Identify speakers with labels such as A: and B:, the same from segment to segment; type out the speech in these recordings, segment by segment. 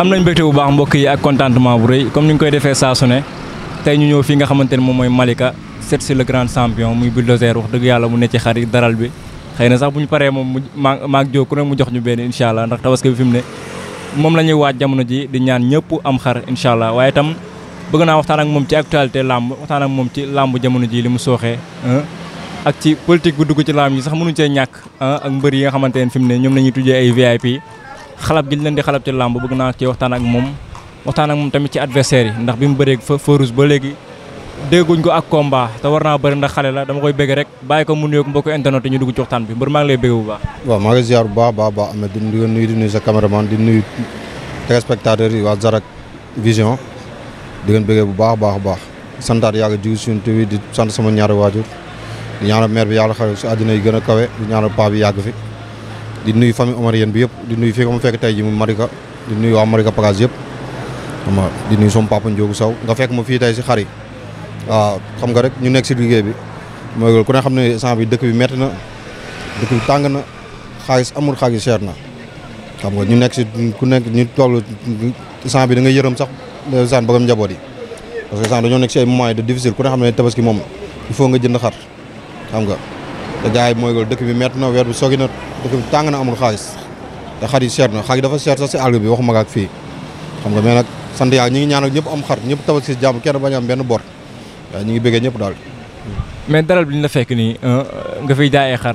A: am nañ mbégte bu baax mbokk yi ak contentement bu rëy comme ni ñu koy defee saa su ne tey ñu ñëw fii nga xamante ne moom mooy Malika set si le grand champion muy bulldozer wax dëgg yàlla mu ne ci yi daral bi xëy na sax bu ñu paree moom mu maa maag joo ku ne mu jox ñu benn incha allah ndax tabaski bi fi mu ne moom la ñuy waaj jamono ji di ñaan ñëpp am xar incha allah waaye tam bëgg naa waxtaan ak moom ci actualité làmb waxtaan ak moom ci làmb jamono ji li mu sooxee ah, ak ci politique bu dugg ci làmb yi sax mënuñ cee ñàkk ah, ak mbër yi nga xamante ne fi mu ne ñoom la ñuy tuddee ay VIP xalab gi leen di xalab ci làmb bëgg naa ci waxtaan ak moom waxtaan ak moom tamit ci adversaire yi ndax bi mu bëree fa Farouz ba léegi dégguñ ko ak combat te war naa bëri ndax xale la dama koy bëgg rek bàyyi ko mu nuyoog mbokku internet yi ñu dugg ci waxtaan bi mbër maa ngi lay bëgg bu baax
B: waaw maa ngi ziar bu baax baax baax Ameth di nuyu di nuyu sa cameraman di nuyu téléspectateurs yi waa Zarak Vision di ngeen bëggee bu baax a baax a baax santaat yàgg jiw suñu tuwi di sant sama ñaari waajur di ñaanal maire bi yàlla xare si àddina yi gën a kawe di ñaanal paa bi yàgg fi di nuyu famille omarienne bi yëpp di nuyu fii ko ma fekk tey ji mu Marika di nuyu waa Marika Pagaz yëpp xam nga di nuyu sama papa Ndiogu saw nga fekk ma fii tey si xar waaw xam nga rek ñu nekk si liggéey bi mooy loolu ku ne xam ne instant bi dëkk bi metti na dëkk bi tàng na xaalis amul xaalis cher na xam nga ñu nekk ku nekk ñu toll instant bi da nga yërëm sax saan bëggam njaboot yi parce que saan dañoo nekk si ay moments de difficile ku ne xam ne tabaski moom il faut nga jënd xar xam nga te gars dëkk bi métti na weer bi soogi na dëkk bi tàng na amul xaalis te xar yi seer na xar yi dafa seer sax si àll bi waxuma ak fii xam nga mais nag sant yàlla ñi ngi ñaanal ñëpp am xar ñëpp tabaski si kenn bañ am benn bor waaw ñu ngi bëggee ñëpp daal mais daral
A: bi ñu la fekk nii euh, nga fiy jaayee xar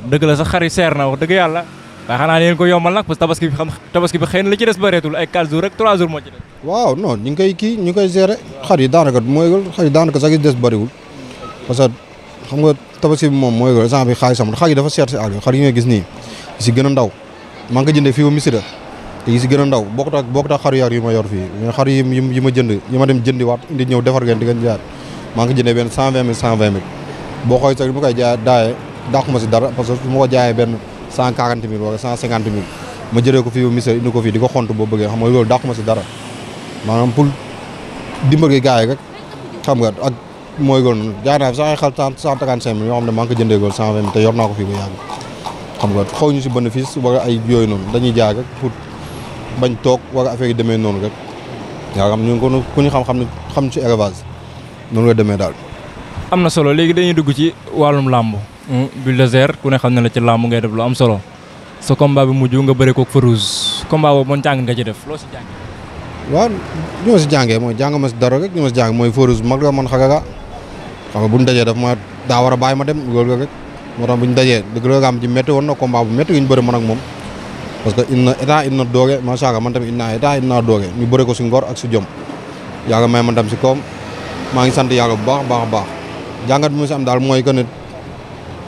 A: dëgg waaye xanaa neen ko yombal nag parce que tabaski bi xam na li des bëreetul ay 4 jours rek 3 jours moo ci des.
B: waaw non ñu ngi kii ñu ngi koy gérer daanaka mooy xar yi daanaka sax des bëriwul parce que xam nga tabaski bi moom mooy exemple bi xaalis amul xar yi dafa seet maa ngi ko jëndee fii ba Missirah te yi si gën a ndaw bokkut ak bokkut ak xaru jaay ko jaay daaye dàqu ma si dara parce que su ma ko jaayee benn cent quarante mille wala cent cinquante mille ma jëlee ko fi ba Missirah indi ko fii di ko xont boo bëggee xam nga loolu dàqu ma si dara maanaam pour gars yi rek xam nga ak mooy loolu noonu jaay naa fi sax ay xal cent cinquante cinq yoo xam ne maa ngi ko jëndee loolu cent vingt mille te yor naa ko fii ba yàgg xam nga xaw ñu si bénéfice wala ay yooyu noonu dañuy jaay rek pour bañ toog wala affaire yi demee noonu rek yaa xam ñu ko ku ñu xam-xam ne xam ci élevage noonu la demee daal.
A: am na solo léegi dañuy dugg ci wàllum làmb. Mm, Bulldozer ku ne xam ne la ci làmb ngay def lu am solo sa combat bi mujj nga bëre koog Farouz combat boobu man jàng nga ci def loo si jàng.
B: waaw ñoo mooy jàng ma si dara rek mooy bu ñu dajee daf daa war a bàyyi ma dem loolu rek bu ñu dajee dëgg am ji métti woon na combat bu métti gi ñu bëri man ak moom. parce que in na état in na man tamit in naa état bëre ko si ngor ak si jom yàlla may ma dem si koom maa ngi sant yàlla baax baax baax jàngat bi ma si am daal mooy que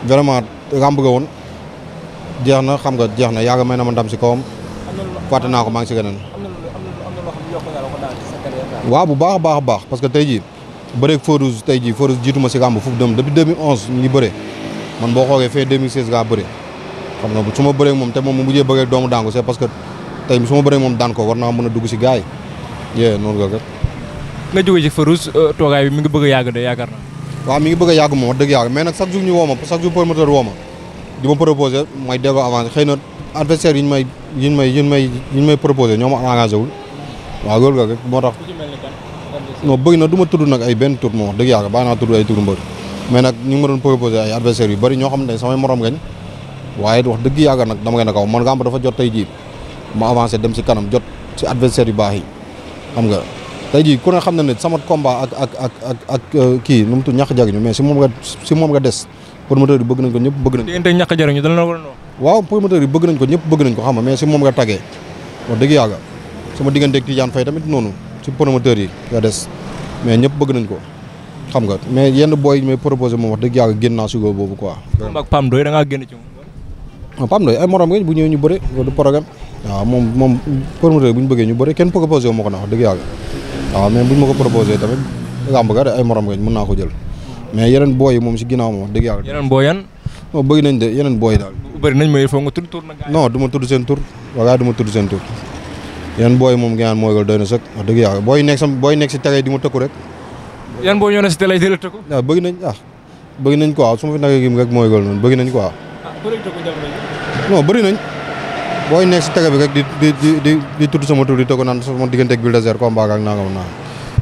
B: vraiment ràmb ga woon jeex na xam nga jeex na yàgg may na ma ndam si kawam fàtte naa ko maa ngi si keneen. waaw bu baax a baax a baax parce que tey jii bëreeg Foduz tey jii Foduz jiitu ma si ràmb foofu dem depuis 2011 ñu ngi bëre man boo xoolee fee 2016 gaa bëre xam nga su ma bëree moom te moom mu mujjee bëggee doomu daan ko parce que tey su ma bëree moom daan ko war naa mën a dugg si gars yi yee noonu nga kat. nga jógee ci euh, toogaay bi mi ngi bëgg yàgg de yaakaar wa mi ngi bëgg a mo dëgg yàlla mais nak sax jour ñu woo ma chaque jour promoteur woo ma di ma proposé may dégg avant xeyna adversaire yiñ may yiñ may yiñ may yiñ may proposer ñoo engagé wul wa gol la mo tax no bëgg na duma tuddu nak ay ben tour mo dëgg yàlla baax naa tudd ay tour mbeur mais nak ñu ngi ma doon proposé ay adversaire yu bari ño xam dañ samay morom gañ waye wax dëgg yàgg nak dama ngeen nakaw kaw man gàmb dafa jot tay jii ma avancer dem ci kanam jot ci adversaire yu baax yi xam nga tay ji ku ne xamna ne sama combat ak ak ak ak ak euh, ki num tu ñak jarignu mais si mom nga si mom nga dess promoteur bi bëgg nañ ko ñëpp bëgg nañ
A: ko. ñak jarignu dal na la waroon
B: waaw promoteur bi bëgg nañ ko ñëpp bëgg nañ ko xam mais si mom nga tagee wax deug yaaga sama digënde ak Tidiane fay tamit nonu si promoteur yi nga dess mais ñëpp bëgg nañ ko xam nga mais yenn booy may proposer mom wax deug yaaga genn na sugo bobu quoi.
A: mom ak Pam Doy da nga genn ci
B: mom ah, Pam Doy ay morom nga bu ñëwee ñu bëre loolu programme waaw ah, mom moom promoteur bu ñu ñu bëre kenn proposé wu moko na wax deug yaaga waaw mais buñ ma ko proposé tamit làmb ga ay morom gañ mën naa ko jël mais yeneen booy yi moom si ginnaaw moom dëgg yàlla. booy yan. non bëgg nañ de yeneen booy daal. bu bëri nañ ma il faut nga tudd tur nag. non du ma tudd seen ma tudd seen tur yeneen booy moom ngeen naan mooy loolu doy na sëkk wax dëgg yàlla booy nekk sam booy nekk si télé di ma tëkku rek.
A: yan booy ñoo ne si télé
B: di la tëkku. waaw ah, bëgg nañ ah bëgg nañ quoi su ma fi nagee gim rek mooy loolu noonu bëgg nañ quoi. ah bëri nañ. boy next tega bekek di di di di di tutu sama tutu itu konan sama di kentek builder zero komba kang naga mana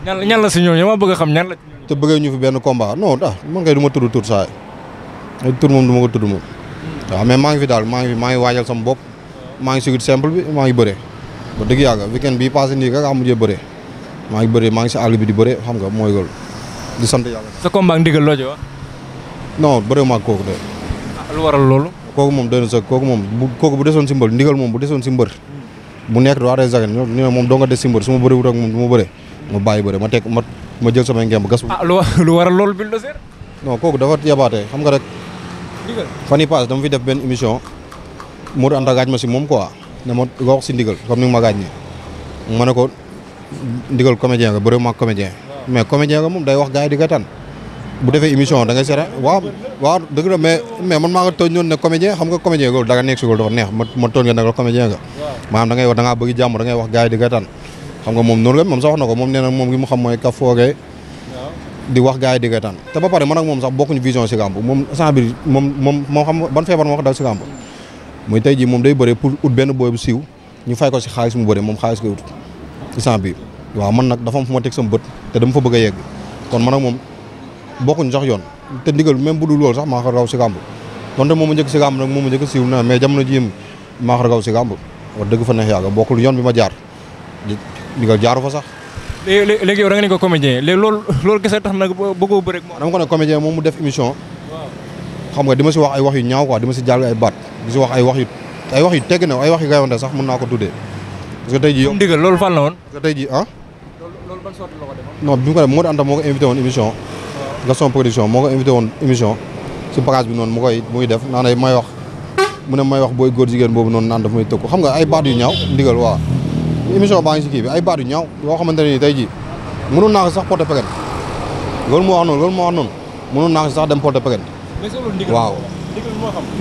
B: nyal nyal lah sinyonya mau bekek kamnya itu bekek nyu fibiano komba no dah emang kayak rumah tutu tutu saya itu tutu mau rumah tutu ah hmm. memang vital mau mau wajar sama bob mau sedikit sampel mau ibare berdegi agak we can be passing juga kamu juga ibare mau ibare mau si alibi di ibare hamga mau ikut di sana jalan
A: sekombang di gelo jawa
B: no ibare makuk deh ah, luar lolo kooku moom doy na sëkk kooku moom bu kooku bu desoon si mbër ndigal moom bu desoon si mbër bu nekk du arrêté zagan ñu moom doo nga des si mbër su ma bëree wut moom du ma bëree ma bàyyi bëre ma teg ma ma ah, kooku dafa yabaate xam nga rek. fan yii paas dama fi def benn émission. Modou Anta gaaj ma si moom quoi ne ma nga ma ma ne ko ndigal comédien nga bëre ma comédien. mais comédien nga moom day wax gars yi di ko tànn bu defee émission da nga seera waaw waaw dëgg la mais mais man maa tooñ noonu ne comédien xam nga comédien loolu dara nekk si dafa neex ma tooñ ne la xam nga moom noonu wax na ko moom nee na moom gi mu xam mooy ka wax gars yi te ba pare man ak moom sax bokkuñu vision si gàmb moom sant bi moom moom moom xam ban feebar moo ko dal si gàmb muy tey jii moom day bëri pour ut benn booy bu siiw ñu fay ko si xaalis mu bëri moom xaalis koy ut sant bi waaw man nag dafa am fu ma teg sama bët te dama fa bëgg a yegg kon man ak moom bokkuñ sax yoon te ndigal même bu dul loolu sax maa ko raw si gàmb donte moom ma njëkk si gàmb nag moom ma njëkk siiw na mais si gàmb yoon bi ma jaar ndigal jaaru fa sax
A: léegi yow da nga ne ko comédien léegi loolu loolu kese tax nag bëggoo bëri
B: moom mu def émission xam nga di si wax ay wax yu ñaaw quoi di ma si jàll ay baat si wax ay wax yu ay wax yu tegg ay wax yu gayonte sax mën naa ko tuddee parce que tey jii ndigal loolu fan la woon parce que tey jii ah non bi mu def moo di anta moo Gaston production moo ko woon émission si bagage bi noonu mu koy muy def naan ay may wax mu ne may wax booy góor jigéen boobu noonu naan daf may tëkku xam nga ay baat yu ñaaw ndigal waaw émission baa ngi si kii bi ay baat yu ñaaw yoo xamante ne nii tey jii mënoon naa ko sax porte plainte loolu moo wax noonu loolu moo wax noonu mënoon naa ko sax dem porte plainte waaw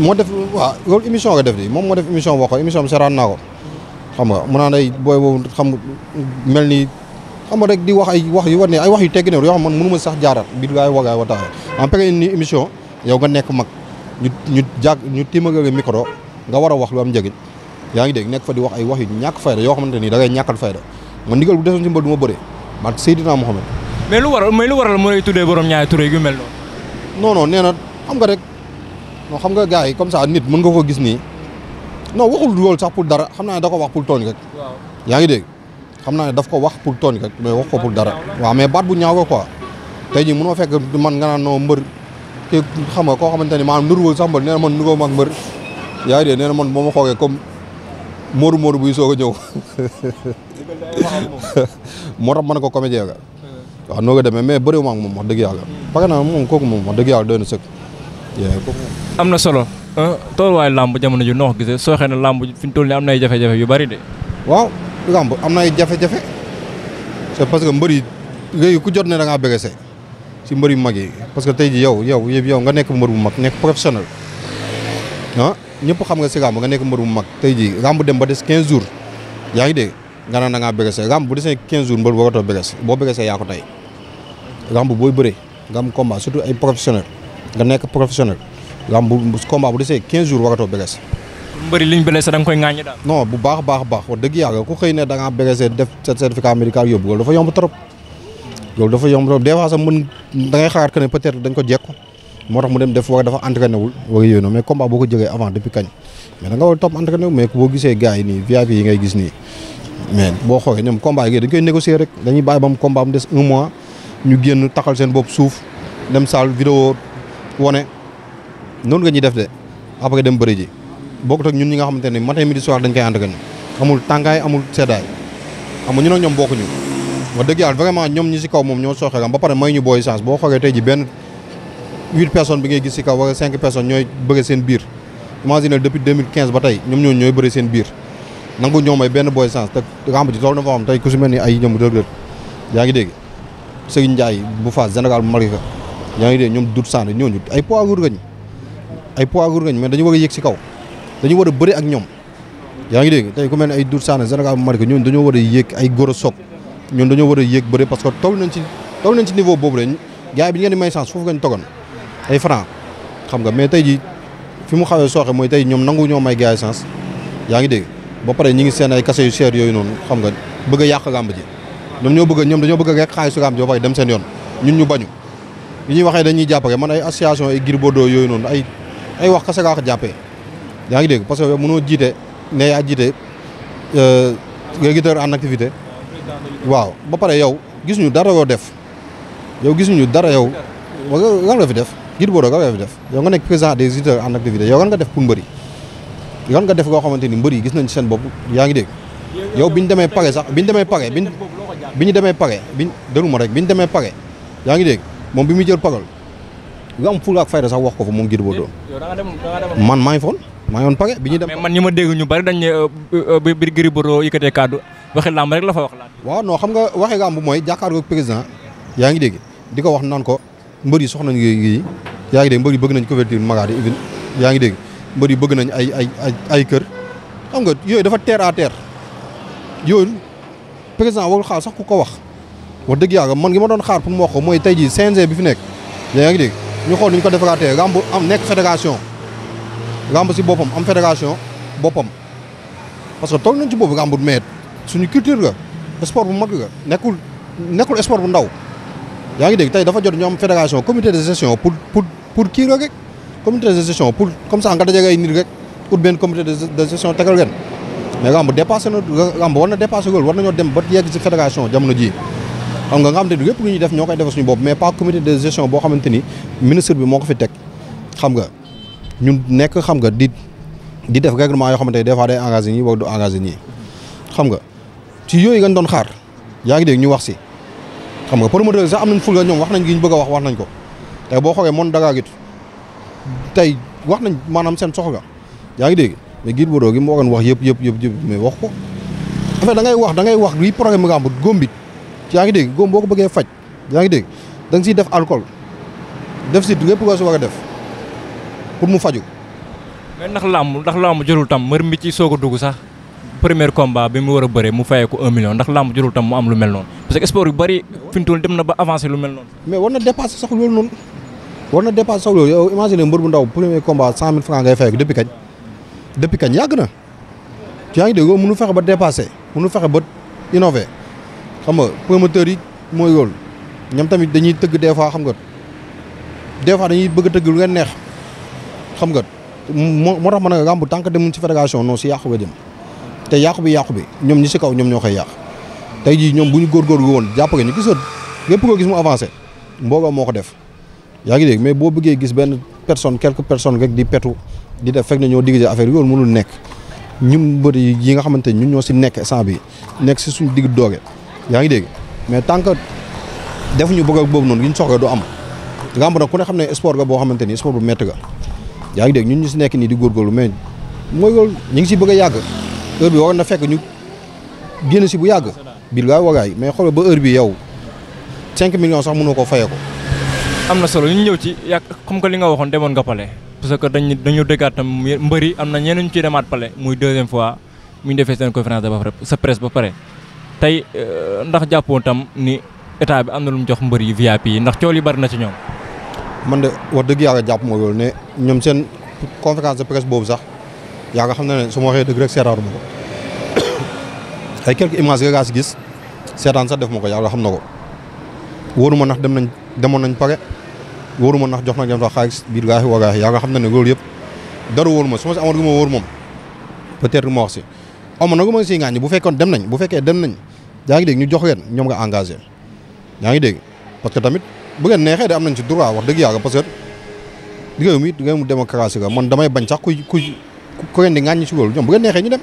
B: moo def waaw loolu émission nga def di moom moo def émission boo ko émission bi seetaan naa ko xam nga mu naan ay booy boobu xam mel ni xam rek di wax ay wax yu wone ay wax yu tegginewul yo xam man mënuma sax jaarat billahi wagaay wa taala en pegay ni émission yow nga nek mak ñu ñu jag ñu timagal micro nga wara wax lu am njëgiñ yaa ngi dégg nekk fa di wax ay wax yu ñak fayda yo xamanteni da ngay ñakal fayda man digal bu defon ci mbal duma beure man sayyidina muhammad mais lu waral mais lu waral mu lay tuddee borom ñaay touré yu mel non non non nee xam nga rek no xam nga gaay comme ça nit mën nga ko gis ni non waxul lool sax pour dara xamna da ko wax pour tooñ rek yaa ngi deg xam naa ne daf ko wax pour tooñ rek mais wax ko pour dara waaw mais baat bu ñaaw ko quoi tey jii mënoo fekk man nga naan noo mbër ki xam nga koo xamante ni maanaam nuruwul sax mbër na man nuroo mag mbër yaa ngi dee nee ma xoogee comme mooru mooru buy soog a ñëw moo tax ma ne ko comédien nga waaw noo ko demee mais bëriwu ma moom wax dëgg yàlla parce que moom kooku moom wax dëgg yàlla doy na sëkk
A: am na solo tooluwaay làmb jamono ji noo ko gisee soo xee làmb fi ñu toll nii am na ay jafe-jafe
B: yu bari de waaw lamb am na ay jafe-jafe c'est parce que mbër yi léegi ku jot ne da ngaa bégese si mbër yu mag yi parce que tey ji yow yow yëpp yow nga nekk mbër bu mag nekk professionnel ah ñëpp xam nga si lamb nga nekk mbër bu mag tey ji lamb dem ba des 15 jours yaa ngi dégg nga naan da ngaa bégese lamb bu desee 15 jours mbër waratoo bégese boo bégesee yaa ko tey lamb booy bëree nga am combat surtout ay professionnel nga nekk professionnel lamb combat bu desee 15 jours waratoo bégese
A: mbëri liñ blessé da nga koy ŋaañi
B: daal. non bu baax baax baax wax dëgg yàlla ku xëy ne da ngaa blessé def certificat médical yóbbu loolu dafa yomb trop. loolu sax mën da ngay xalaat que ne ko jekko moo tax mu dem def war dafa entraîné wul wala yooyu mais combat boo ko jógee avant depuis kañ mais da nga war mais boo gisee gars nii VIP yi ngay gis nii mais boo xoolee ñoom combat yi dañ koy négocier rek dañuy bàyyi ba mu des un mois ñu génn taxal seen bopp suuf dem saal vidéo wane noonu nga ñuy def de a après dem bëri ji bokkut ak ñun ñi nga xamante ni matin midi soir dañ koy ànd ak ñun amul tàngaay amul seddaay xam ñun ak ñoom bokkuñu wax dëgg yàlla vraiment ñoom ñu si kaw moom ñoo sooxe am ba pare may ñu booy chance boo xoolee tey ji benn huit personnes ngay gis si kaw wala cinq ñooy bëgg seen biir imagine depuis 2015 ba tey ñoom ñoo ñooy bëri seen biir nangu ñoom ay benn booy chance te ramb ji tool na fa xam tey ku si ñoom yaa ngi dégg Serigne Ndiaye bu Fass général Malika yaa ngi dégg ñoom dut sand ñooñu ay poids lourds gañ ay poids lourds gañ mais dañu war a yëg si kaw dañu war a bëri ak ñoom yaa ngi dégg tey ku mel ne ay Doudou Sané Général Malika ñun dañoo war a yéeg ay goro Sock ñun dañoo war a yéeg bëri parce que toll nañ ci toll nañ ci niveau boobu rek gars yi bi ñu ngeen di may chance foofu ngeen togoon ay franc xam nga mais tey ji fi mu xawee sooxe mooy tey ñoom nangu ñoo may gars yi chance yaa ngi dégg ba pare ñi ngi seen ay kase yu seer yooyu noonu xam nga bëgg yàq làmb ji ñoom ñoo bëgg ñoom dañoo bëgg rek xaalisu làmb ji ba dem seen yoon ñun ñu bañu li ñuy waxee dañuy jàppale man ay association ay Gris Bordeaux yooyu noonu ay ay wax kase laa jàppee yaa ngi dégg parce que yow mënoo jiite ne yaa jiite euh, régulateur an activité waaw ba pare yow ñu dara yoo def yow gisuñu dara yow lan nga fi def Gris Bordeaux lan nga fi def yow nga nekk président des régulateur en activité yow lan nga def pour mbëri lan ga def koo xamante ni mbëri gis nañ seen bopp yaa ngi dégg yow bi ñu demee pare sax bi ñu demee pare bi bi ñu demee pare bi dëru ma rek bi ñu demee pare yaa ngi dégg moom bi mu jël parole nga am fulla ak fayda sax wax ko fa moo Gris maa ngi foon maa yoon pare
A: bi ñuy dem. man ñi ma dégg ñu bari dañ ne bi euh, euh, euh, bi Gris Bordeaux yëkkatee kàddu waxi làmb rek la fa wax laa.
B: waaw non xam nga am làmb mooy jàkkaarloog président yaa ngi dégg di ko wax naan ko mbër yi soxnañ ngi yaa ngi dégg mbër yi bëgg nañ couverture maladie even yaa ngi dégg mbër yi bëgg nañ ay ay ay kër xam nga yooyu dafa terre à terre yooyu président warul xaar sax ku ko wax wax dëgg yàlla man gi ma doon xaar pour mu wax mooy tey jii CNG bi fi nekk yaa ngi dégg ñu xool nu ñu ko defaraatee ramb am nekk fédération lamb si boppam am fédération boppam parce que toll nañ ci boobu lamb du meet suñu culture ga sport bu mag ga nekkul nekkul sport bu ndaw yaa ngi dégg tey dafa jot ñu am fédération comité de gestion pour pour pour kii rek comité de gestion pour comme ça nga daje ay nit rek pour benn de gestion tegal leen mais lamb dépassé na lamb war na dépassé loolu war nañoo dem ba yegg si fédération jamono ji xam nga nga xam ne du lépp lu ñuy def ñoo koy defal suñu bopp mais pas comité de gestion boo xamante ni bi moo ko fi teg xam nga ñun nekk xam nga di di def règlement yoo xamante ne des fois day engagé ñii wala du engagé ñii xam nga ci yooyu nga doon xaar yaa ngi dégg ñu wax si xam nga promoteur sax am nañ ful nga ñoom wax nañ gi ñu bëgg a wax wax nañ ko tey boo xoolee moom dagaagit tey wax nañ maanaam seen soxla yaa ngi dégg mais Gris Bordeaux gi mu waroon wax yëpp yëpp yëpp mais wax ko en fait wax da ngay wax li problème nga am bi yaa ngi dégg góom boo ko bëggee faj yaa ngi dégg da nga siy def alcool def si lépp loo si war a def pour mu faju
A: mais ndax lamb ndax lamb jorul tam mer mi ci soog a dugg sax premier combat bi mu wara beure mu fayeku 1 million ndax lamb jorul tam mu am lu mel non parce que sport yu bari fi dem na ba avancer lu mel non
B: mais wona dépasser sax loolu non wona dépasser sax loolu yow imagine mbeur bu ndaw premier combat 100000 francs ngay fayee depuis kagn depuis kagn yag na yaa ngi dégg mënu fexe ba dépasser mënu fexe ba innover xam nga promoteur yi moy loolu ñam tamit dañuy teug des fois xam nga des fois dañuy bëgg teug lu ngeen neex xam nga mo tax man nga gambu tank que ci federation non ci yàqu ba dem te yàqu bi yàqu bi ñom ñi ci kaw ñom ñokay koy tay ji ñom buñu gor gor góorgóorlu woon japp nga ni gis lépp ko gis mu avancer mboga moko def yaa ngi dégg mais bo bëggee gis ben personne quelques personnes rek di pétu di def fek na ñoo diggante affaire yooyu mënul nekk ñum mbër yi nga xamanteni ñun ñoo ci nekk instant bi nekk ci suñu digg doge yaa ngi dégg mais tank que ñu bëgg ak bobu non li soxé soxla du am gambu nak ku ne xamné sport ga bo xamanteni sport bu metti ga yaa ngi dégg ñun ñu si nekk nii di góorgóorlu mais mooy loolu ñu ngi si bëgg a yàgg heure bi na fekk ñu génn si bu yàgg bil waay wagaay mais xoolal ba heure bi yow 5 millions sax mënoo koo fayee ko.
A: am na solo ñu ñëw ci yàgg comme que li nga waxoon demoon nga pale parce que dañu dañu déggaat tam mbëri am na ñeneen ñu ciy demaat pale muy deuxième fois mu defee seen conférence de sa presse ba pare tey euh, ndax jàppoon tam ni état bi am na lu mu jox mbër yi VIP yi ndax coow li bari na ci ñoom.
B: man de wax dëgg yàlla jàpp ma loolu ne ñoom seen conférence de presse boobu sax yàlla xam na ne su ma waxee dëgg rek seetaanu ma ko ay quelques images rek laa si gis seetaan sa def ma ko yàlla xam na ko wóoruma ndax dem nañ demoon nañ pare wóoruma ndax jox nañ dem sax xaalis biir laaxi waraaxi yàlla xam na ne loolu yëpp dara wóoruma su ma si amoon lu ma wóor moom peut-être ma wax si amoon na lu ma si ngaañ bu fekkoon dem nañ bu fekkee dem nañ yaa ngi dégg ñu jox leen ñoom nga engagé yaa ngi dégg parce tamit bu ngeen neexee de am nañ ci droit wax dëgg yàlla parce que réew mi réew mu démocratie la man damay bañ sax ku ku ku leen di ŋàññi ci ñoom bu ngeen neexee ñu dem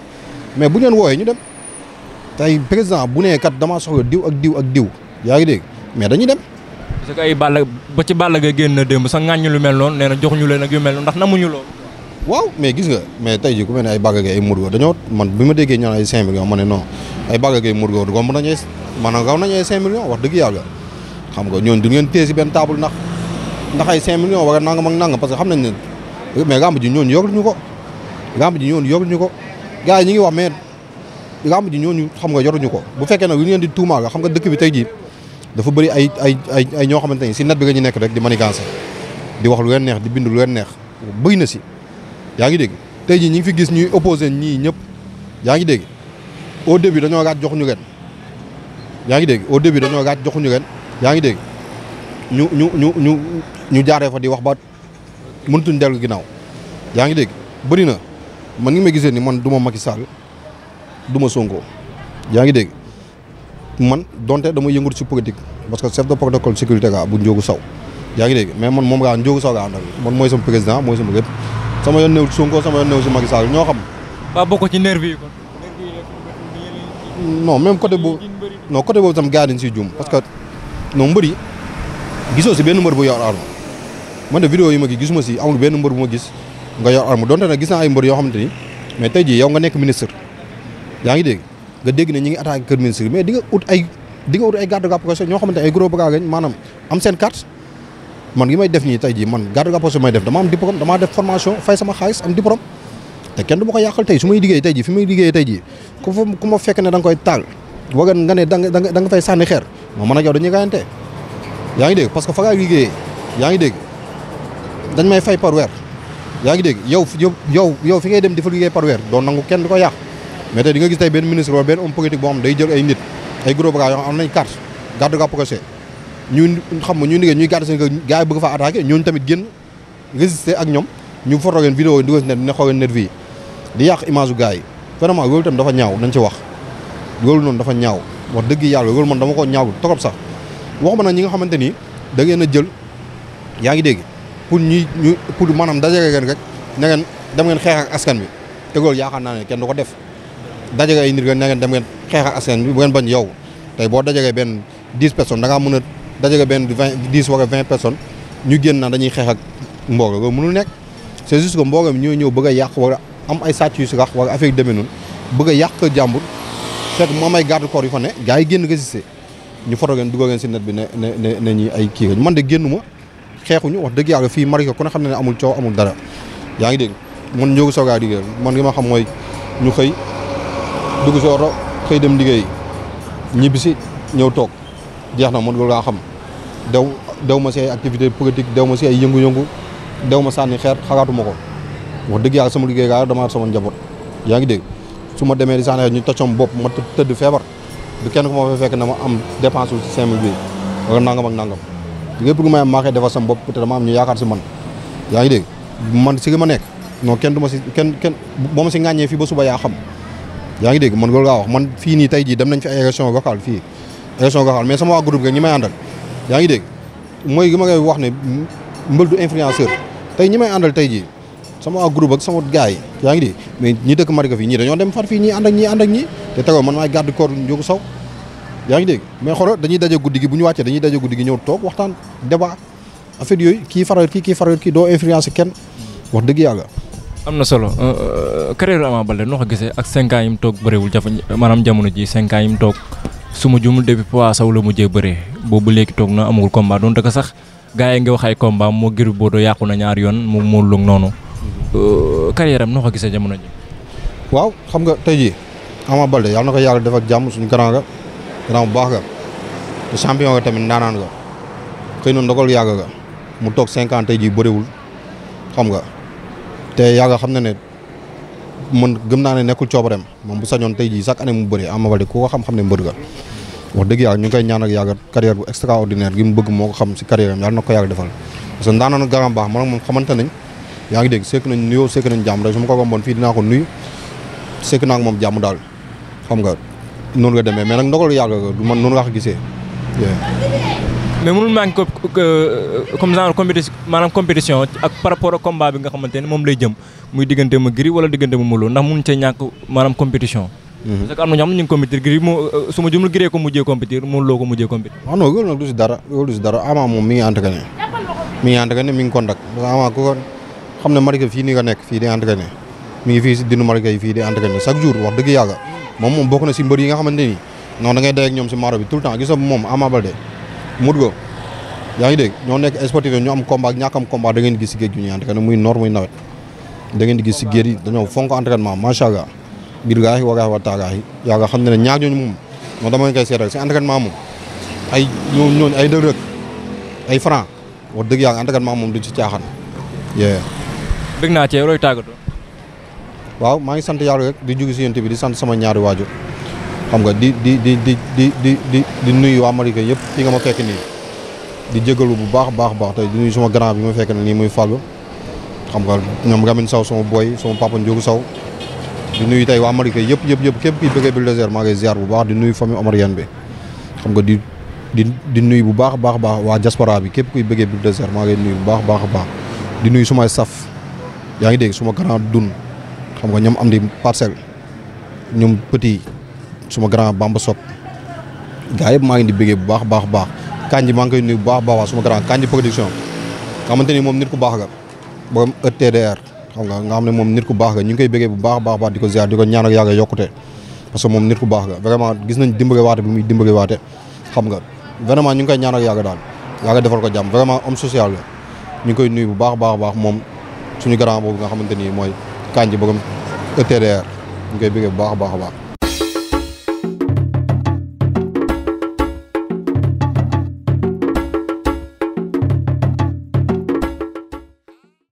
B: mais bu ngeen wooyee ñu dem tey bu nee kat damaa soxla diw ak diw ak diw yaa ngi dégg mais dañuy dem.
A: parce que ay Balla ba ci Balla lu mel noonu nee jox ñu leen ak yu mel noonu
B: ndax namuñu loolu. waaw mais gis nga mais tey jii ku mel ay Balla Gaye ay Modou Lo dañoo man bi ma déggee ñu naan ay 5 millions ma ne non ay Balla Gaye Modou Lo romb nañu ay maanaam ay 5 wax dëgg yàlla xam nga ñooñu du ngeen téye si benn table ndax ndax ay 5 millions wala nangam ak nangam parce que xam nañ ne mais làmb ji ñooñu yoruñu ko làmb ji ñooñu yoruñu ko gaa yi ñu ngi wax mais làmb ji ñooñu xam nga yoruñu ko bu fekkee nag lu ñu leen di tuumaal la xam nga dëkk bi tey jii dafa bëri ay ay ay ay ñoo xamante ni si net bi la ñu nekk rek di manigancé di wax lu leen neex di bindu lu leen neex bëri na si yaa ngi dégg tey jii ñi ngi fi gis ñuy opposé ñii ñëpp yaa ngi dégg au début dañoo raat joxuñu leen yaa ngi dégg au début dañoo raat joxuñu leen yaa ngi dégg ñu ñu ñu ñu ñu jaaree fa di wax ba mëntuñ dellu ginnaaw yaa ngi dégg bëri na man ngi ma gisee ni man du ma Macky Sall du ma Sonko yaa ngi dégg man donte dama yëngu ci politique parce que chef de protocole sécurité ga bu Ndiogou Sow yaa ngi dégg mais man moom ngaa Ndiogou Sow gaa àndal man mooy sama président mooy sama lépp sama yoon néew ci Sonko sama yoon ñoo xam.
A: ba bokk ci nervi
B: même côté boobu non côté boobu tam gaa dañ siy juum parce que. nombori giso gisoo si benn mbër bu yor arme man de vidéo yi ma gis gisuma si amul ben mbër bu ma gis nga yor arme donte na gis na ay mbeur yo xamanteni mais tayji yow nga nek ministre ya ngi deg nga deg ne ñi ngi attaquer keur ministre mais di nga out ay di nga out ay garde rapprochée ñoo xamanteni ay gros bagage manam am sen carte man gi may def ni tayji man garde rapprochée may def dama am diplôme dama def formation fay sama xaliss am diplôme té kenn du ma ko yàqal tey su liggéey tey jii fi may liggéey tey jii ku ma fekk ne dang koy tal wagan nga ne dang dang fay sanni xeer ma mën ak yow dañuy gayante yaa ngi dégg parce que fa ngay liggéey yaa ngi dégg dañ may fay par weer yaa ngi dégg yow yow yow fi ngay dem di fa liggéey par weer doo nangu kenn di ko yàq mais tey di nga gis tey benn ministre wala benn homme politique boo xam day jël ay nit ay groupe gars yoo xam am nañ carte garde ga procès ñu xam ñuy liggéey ñuy garde seen kër gars yi bëgg fa attaqué ñooñu tamit génn résister ak ñoom ñu foto leen vidéo yi dugal si ne ne xooleen nervi yi di yàq image u gars yi vraiment loolu tam dafa ñaaw nañ ci wax loolu noonu dafa ñaaw wax dëgg yàlla loolu man dama ko ñaawul trop sax waxuma nag ñi nga xamante ni da ngeen a jël yaa ngi dégg pour ñuy ñu pour maanaam dajale ngeen rek na ngeen dem ngeen xeex ak askan bi te loolu yaakaar naa ne kenn du ko def dajale ay nit rek na ngeen dem ngeen xeex ak askan bi bu ngeen bañ yow tey boo dajalee benn dix personnes da ngaa mën a dajale benn vingt dix wala vingt personnes ñu génn naa dañuy xeex ak mbooloo loolu mënul nekk c'est juste que mbooloo mi ñoo ñëw bëgg a yàq wala am ay sàcc yu si rax wala affaire yu demee noonu bëgg a yàq jàmbur fekk mu am ay garde corps yu fa ne gaa yi génn résister ñu foto ngeen dugal ngeen si net bi ne ne ne ñi ay kii man de génnuma xeexuñu wax dëgg yàlla fii Malika ku ne xam ne ne amul coow amul dara yaa ngi dégg man ñoo ngi soog a li ma xam mooy ñu xëy dugg si oto xëy dem liggéey ñibbi si ñëw toog jeex na man loolu laa xam daw daw ma si ay activité politique dew ma si ay yëngu-yëngu daw ma sànni xeer xalaatuma ko wax dëgg yàlla sama liggéey gaa dama sama njaboot yaa ngi dégg suma démé di sax ñu toccom bop ma teud feebar du kenn ko mo fa fekk na ma am dépense ci si bi wala nangam ak nangam lépp lu may am maa koy sam bop peut être dama am ñu yaakar ci man yaa ngi dégg man ci gi ma nekk non kenn duma ci kenn kenn bo ma ci ŋàññee fi ba suba ya xam yaa ngi dégg man loolu nga wax man fi ni tay ji dem nañ fi élection locale fi élection locale mais sama waa groupe rek ñi may andal yaa ngi dégg moy gi ma ngay wax né mbeul du influenceur tay ñi may andal tay ji sama waa groupe ak sama gaay yi ngi di mais ñi dëkk marika fi ñi dañu dem far fi ñi and ak ñi and ak ñi te tegoo man may garde corps ñu ko saw yaa ngi dégg mais xoro dañuy daje guddigi buñu bu dañuy daje guddigi ñew tok toog waxtaan débat affaire yoy ki faral ki ki faral ki do influence ken wax dëgg yaaga amna solo
A: carrière Ama balé no xagé ak 5 ans yim tok bëréwul jafa manam jamono ji 5 ans yim tok toog jumul depuis poids saw la mu mujjee bëree boobu léegi tok na amul combat don dëkk sax gaay nga wax ay combat mo giru bodo doo ya ñaar yoon mo mo lu noonu Euh,
B: carrière am noo gisee jamono ji. waaw xam nga tey jii Ama Baldé yàlla na ko yàlla def jàmm suñu grand ga grand bu baax ga te champion ga tamit ndaanaan ga xëy na ndogal yàgg ga mu toog cinq ans tey jii bëriwul xam nga te yàgg xam na ne man gëm naa ne nekkul coobareem moom bu sañoon tey jii chaque année mu bëri Ama Baldé ku ko xam-xam ne mbër ga wax dëgg yàlla ñu ngi koy ñaan ak yàgg carrière bu extraordinaire gi mu bëgg moo xam si carrière am yàlla na ko yàgg defal parce ndaanaan grand baax moom xamante yaa ngi dégg sekk nañ nuyoo sekk nañ jàmm rek su ma ko romboon fii dinaa ko nuyu sekk naa ak moom jàmm daal xam nga noonu nga demee mais nag ndogalu yàlla du man noonu nga ko gisee.
A: mais mënul maa ngi ko comme genre maanaam compétition ak par rapport ak bi nga xamante ne moom lay jëm muy diggante ma Gris wala diggante ma Modou Lô ndax mënuñu cee ñàkk maanaam compétition. Mm-hmm. parce que am na ñoo xam ne ñu ngi su ma jumul
B: Gris ko mujjee compétir Modou Lô ko mujjee compétir. waaw ah non loolu nag du si dara du si dara Ama moom mi ngi entraîné mi ngi entraîné mi ngi contact parce xamne ne fi ni nga nek fi di entraîné mi ngi fi si dinu Malika fi di entraîné chaque jour wax deug yaaga mom mom bokku na ci mbeur yi nga xamanteni non da ngay day ak ñom ci maro bi tout temps gis mom moom Ama Baldé Modou Lo ngi deg ñoo nek sportif ñoo am combat ak am combat da ngay di gis ci geejju ñi entraîné muy norme muy nawet da ngay di gis ci geer yi dañoo fonk entraînement ma sha allah bir gaahi wa gaahi wa taagaax yi yàlla xam ne ne ñaar ñooñu moom non dama koy seetal si entraînement mom ay ñoo ñoo ay deug rek ay franc wa deug yàlla entraînement mom du ci tiaxan yeah
A: bëgg naa ci yow tàggato
B: waaw maa ngi sant yàlla rek di jóge si yonent bi di sant sama ñaari waajur xam nga di di di di di di di nuyu waa Malika yëpp fi nga ma fekk nii di jégalu bu baax baax baax te di nuy sama grand bi ma fekk nii muy Fallou xam nga ñoom Ramin Saw sama boy sama papa Ndiogu Saw di nuyu tey waa Malika yëpp yëpp yëpp képp kii bëggee Buldozer maa ngi ziar bu baax di nuyu famille omarienne bi xam nga di di di nuyu bu baax baax baax waa diaspora bi képp kuy bëggee Buldozer maa ngi nuyu bu baax baax baax di nuyu sumay saf yaa ngi dégg suma grand dun xam nga ñoom am di parcelle ñoom petit suma grand bamba sob gars yëpp maa di béggee bu baax baax baax kanji maa ngi koy nuyu bu baax baax suma grand kanji nga xamante ni moom nit ku baax nga borom ETDR xam nga nga xam ne moom nit ku baax ñu ngi koy béggee bu baax baax baax di ko ziar di ko ñaan ak yàgg yokkute parce que moom nit ku baax nga vraiment gis nañ dimbale waate bi muy dimbale waate xam nga vraiment ñu ngi koy ñaan ak daal yàgg defal ko jàmm vraiment homme social la ñu ngi koy nuyu bu baax baax baax moom suñu grand boobu nga xamante ni mooy kanji bëggam ETDR ñu koy bëggee bu baax a baax a baax